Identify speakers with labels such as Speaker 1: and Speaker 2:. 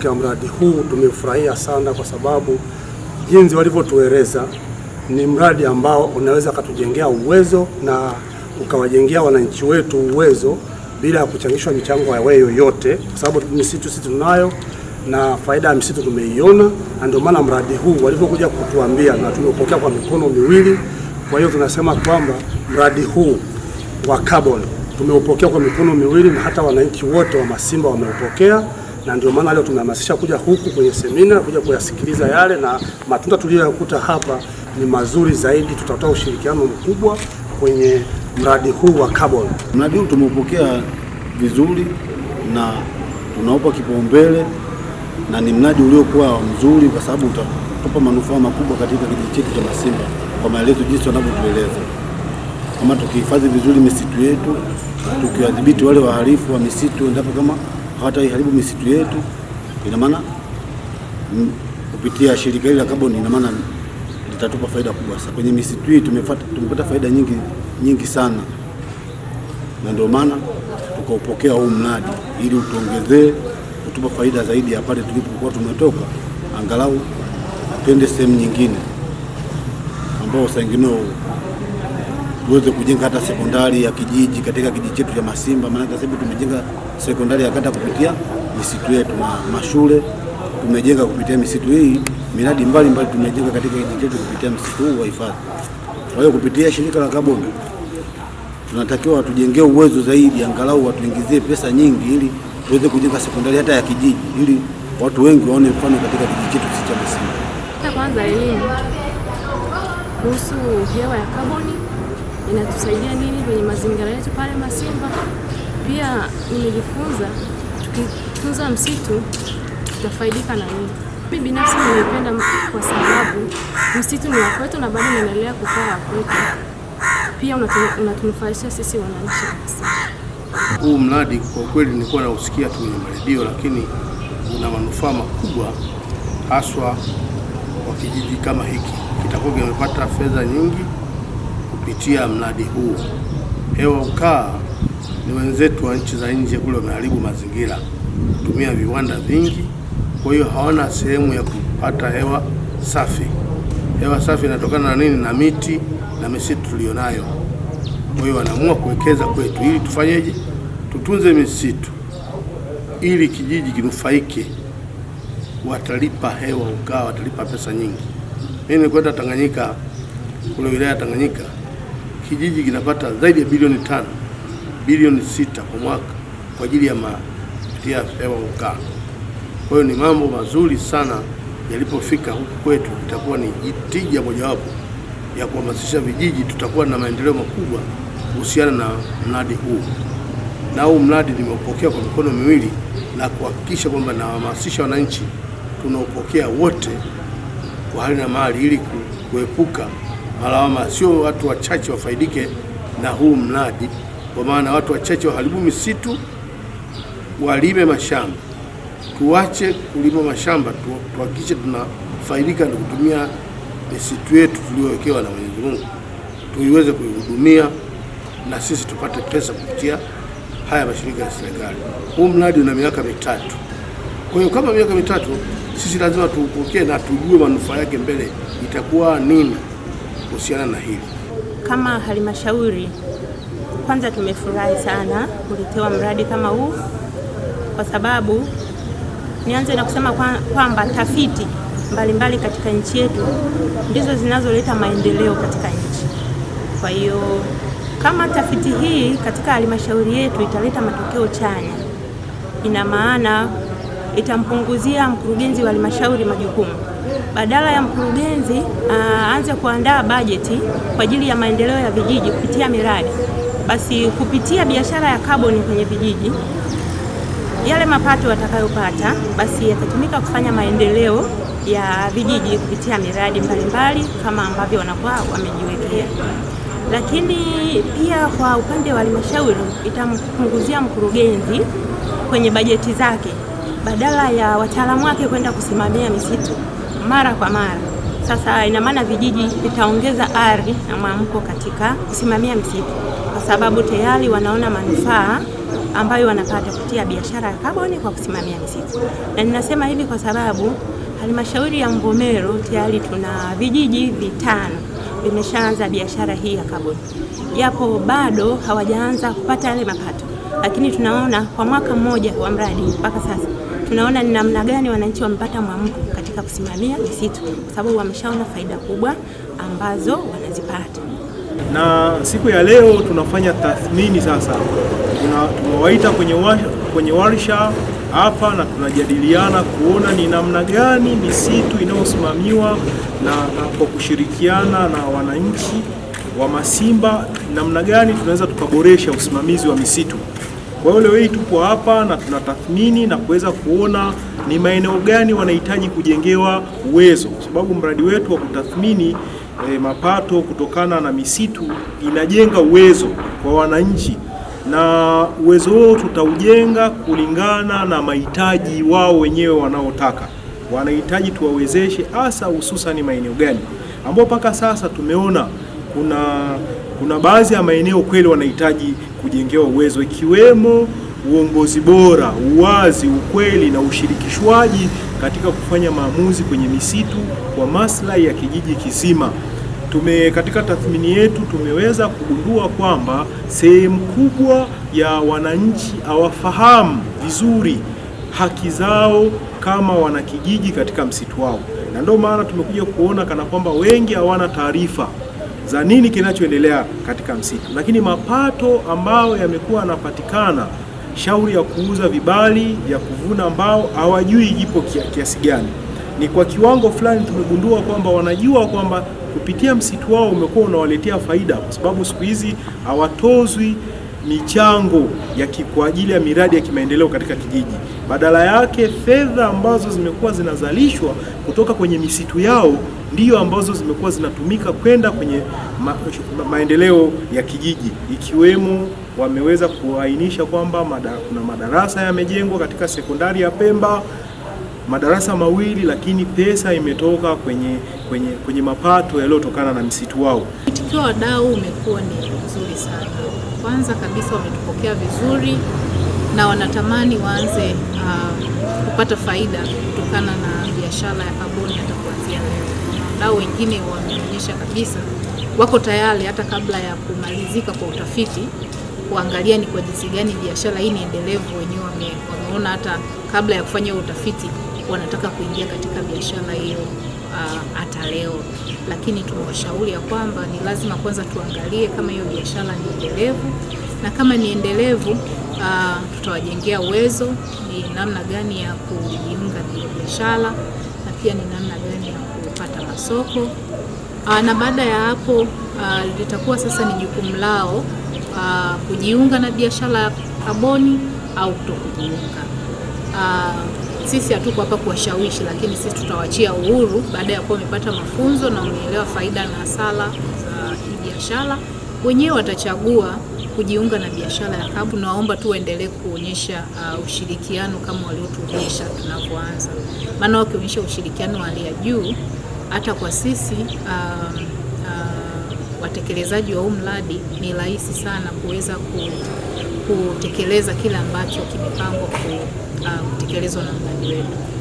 Speaker 1: matokeo mradi huu tumefurahia sana, kwa sababu jinsi walivyotueleza ni mradi ambao unaweza katujengea uwezo na ukawajengea wananchi wetu uwezo bila ya kuchangishwa michango ya wewe yoyote, kwa sababu misitu sisi tunayo na faida ya misitu tumeiona, na ndio maana mradi huu walivyokuja kutuambia na tumepokea kwa mikono miwili. Kwa hiyo tunasema kwamba mradi huu wa carbon tumeupokea kwa mikono miwili na hata wananchi wote wa Masimba wameupokea na ndio maana leo tunahamasisha kuja huku kwenye semina, kuja kuyasikiliza yale, na matunda tuliyoyakuta hapa ni mazuri zaidi. Tutatoa ushirikiano mkubwa kwenye mradi huu wa carbon. Mradi huu tumeupokea vizuri na tunaupa kipaumbele na ni mradi uliokuwa mzuri kwa sababu utatupa manufaa makubwa katika kijiji chetu cha Masimba kwa maelezo jinsi wanavyotueleza, kama tukihifadhi vizuri misitu yetu, tukiwadhibiti wale wahalifu wa misitu endapo kama hata iharibu misitu yetu. Ina maana kupitia shirika hili la kaboni, ina maana litatupa faida kubwa sana kwenye misitu hii. Tumepata faida nyingi nyingi sana, na ndio maana tukaupokea huu mradi ili utuongezee kutupa faida zaidi ya pale tulipokuwa tumetoka, angalau twende sehemu nyingine ambao sangino tuweze kujenga hata sekondari ya kijiji katika kijiji chetu cha Masimba, maana sasa hivi tumejenga sekondari ya kata kupitia misitu yetu na mashule tumejenga kupitia misitu hii, miradi mbalimbali tumejenga katika kijiji chetu kupitia msitu huu wa hifadhi. Kwa hiyo kupitia shirika la Kabome tunatakiwa watujengee uwezo zaidi, angalau watuingizie pesa nyingi ili tuweze kujenga sekondari hata ya kijiji, ili watu wengi waone mfano katika kijiji chetu si cha msingi.
Speaker 2: Kwanza elimu kuhusu hewa ya kaboni inatusaidia nini kwenye mazingira yetu pale Masimba. Pia nimejifunza tukitunza msitu tutafaidika na nini. Mimi binafsi nimependa kwa sababu msitu ni wakwetu na bado unaendelea kukaa wakwetu, pia unatunufaisha sisi wananchi.
Speaker 1: Huu mradi kwa kweli nilikuwa nausikia tu kwenye maredio, lakini una manufaa makubwa haswa kwa kijiji kama hiki, kitakuwa kimepata fedha nyingi kupitia mradi huu. Hewa ukaa ni wenzetu wa nchi za nje kule wameharibu mazingira, kutumia viwanda vingi, kwa hiyo hawana sehemu ya kupata hewa safi. Hewa safi inatokana na nini? Na miti na misitu tuliyonayo. Kwa hiyo wanaamua kuwekeza kwetu, ili tufanyeje? Tutunze misitu ili kijiji kinufaike. Watalipa hewa ukaa, watalipa pesa nyingi. Mimi nilikwenda Tanganyika, kule wilaya ya Tanganyika, kijiji kinapata zaidi ya bilioni tano bilioni sita kwa mwaka kwa ajili ya malighafi hewa ukaa. Kwa hiyo ni mambo mazuri sana yalipofika huku kwetu, itakuwa ni tija mojawapo ya kuhamasisha vijiji, tutakuwa na maendeleo makubwa kuhusiana na mradi huu. Na huu mradi nimeupokea kwa mikono miwili na kuhakikisha kwamba nawahamasisha wananchi, tunaopokea wote kwa hali na mali, ili kuepuka malawama. Sio watu wachache wafaidike na huu mradi. Kwa maana watu wachache waharibu misitu, walime mashamba. Tuache kulima mashamba, tuhakikishe tunafaidika na kutumia misitu yetu tuliyowekewa na Mwenyezi Mungu, tuiweze kuihudumia na sisi tupate pesa kupitia haya mashirika ya serikali. Huu mradi una miaka mitatu, kwa hiyo kama miaka mitatu sisi lazima tuupokee na tujue manufaa yake mbele itakuwa nini kuhusiana na hili.
Speaker 2: Kama halmashauri kwanza tumefurahi sana kuletewa mradi kama huu, kwa sababu nianze na kusema kwamba kwa tafiti mbalimbali katika nchi yetu ndizo zinazoleta maendeleo katika nchi. Kwa hiyo kama tafiti hii katika halmashauri yetu italeta matokeo chanya, ina maana itampunguzia mkurugenzi wa halmashauri majukumu badala ya mkurugenzi ah, aanze kuandaa bajeti kwa ajili ya maendeleo ya vijiji kupitia miradi, basi kupitia biashara ya kaboni kwenye vijiji, yale mapato watakayopata basi yatatumika kufanya maendeleo ya vijiji kupitia miradi mbalimbali kama ambavyo wanakuwa wamejiwekea. Lakini pia kwa upande wa halmashauri itampunguzia mkurugenzi kwenye bajeti zake badala ya wataalamu wake kwenda kusimamia misitu mara kwa mara. Sasa ina maana vijiji vitaongeza ari na mwamko katika kusimamia msitu, kwa sababu tayari wanaona manufaa ambayo wanapata kupitia biashara ya kaboni kwa kusimamia msitu. Na ninasema hivi kwa sababu halmashauri ya Mvomero tayari tuna vijiji vitano vimeshaanza biashara hii ya kaboni, japo bado hawajaanza kupata yale mapato, lakini tunaona kwa mwaka mmoja wa mradi mpaka sasa tunaona ni namna gani wananchi wamepata mwamko katika kusimamia misitu, kwa sababu wameshaona faida kubwa ambazo wanazipata.
Speaker 3: Na siku ya leo tunafanya tathmini sasa, tumewaita kwenye, kwenye warsha hapa na tunajadiliana kuona ni namna gani misitu inayosimamiwa na kwa kushirikiana na wananchi wa Masimba, namna gani tunaweza tukaboresha usimamizi wa misitu. Kwa hiyo leo hii tupo hapa na tunatathmini na kuweza kuona ni maeneo gani wanahitaji kujengewa uwezo, kwa sababu mradi wetu wa kutathmini e, mapato kutokana na misitu inajenga uwezo kwa wananchi, na uwezo huo tutaujenga kulingana na mahitaji wao wenyewe wanaotaka wanahitaji tuwawezeshe, hasa hususan maeneo gani ambao mpaka sasa tumeona kuna, kuna baadhi ya maeneo kweli wanahitaji kujengewa uwezo ikiwemo uongozi bora, uwazi, ukweli na ushirikishwaji katika kufanya maamuzi kwenye misitu kwa maslahi ya kijiji kizima. Tume katika tathmini yetu tumeweza kugundua kwamba sehemu kubwa ya wananchi hawafahamu vizuri haki zao kama wanakijiji katika msitu wao, na ndio maana tumekuja kuona kana kwamba wengi hawana taarifa za nini kinachoendelea katika msitu, lakini mapato ambayo yamekuwa yanapatikana shauri ya kuuza vibali vya kuvuna mbao hawajui ipo kiasi gani. Ni kwa kiwango fulani tumegundua kwamba wanajua kwamba kupitia msitu wao umekuwa unawaletea faida, kwa sababu siku hizi hawatozwi michango ya kwa ajili ya miradi ya kimaendeleo katika kijiji. Badala yake fedha ambazo zimekuwa zinazalishwa kutoka kwenye misitu yao ndio ambazo zimekuwa zinatumika kwenda kwenye ma, maendeleo ya kijiji ikiwemo wameweza kuainisha kwamba mada, kuna madarasa yamejengwa katika sekondari ya Pemba madarasa mawili, lakini pesa imetoka kwenye kwenye kwenye mapato yaliyotokana na msitu wao.
Speaker 4: Mwitikio wa dau umekuwa ni mzuri sana. Kwanza kabisa wametupokea vizuri na wanatamani waanze uh, kupata faida kutokana na biashara ya kaboni hata kuanzia leo wadau wengine wameonyesha kabisa wako tayari hata kabla ya kumalizika kwa utafiti kuangalia ni kwa jinsi gani biashara hii ni endelevu. Wenyewe wame, wameona hata kabla ya kufanya utafiti wanataka kuingia katika biashara hiyo uh, hata uh, leo. Lakini tunawashauri ya kwamba ni lazima kwanza tuangalie kama hiyo biashara ni endelevu, na kama ni endelevu uh, tutawajengea uwezo ni namna gani ya kujiunga na hiyo biashara, na pia ni namna gani ya soko ah, na baada ya hapo ah, litakuwa sasa ni jukumu lao ah, kujiunga na biashara ya kaboni au kutokujiunga. Sisi hatuko hapa kuwashawishi, lakini sisi tutawachia uhuru baada ya kuwa wamepata mafunzo na wameelewa faida na hasara za hii biashara. Wenyewe watachagua kujiunga na biashara ya kabu. Nawaomba tu waendelee kuonyesha uh, ushirikiano kama waliotuonyesha tunapoanza, maana wakionyesha ushirikiano wa hali ya juu hata kwa sisi uh, uh, watekelezaji wa huu mradi ni rahisi sana kuweza kutekeleza kile ambacho kimepangwa uh, kutekelezwa na mradi wetu.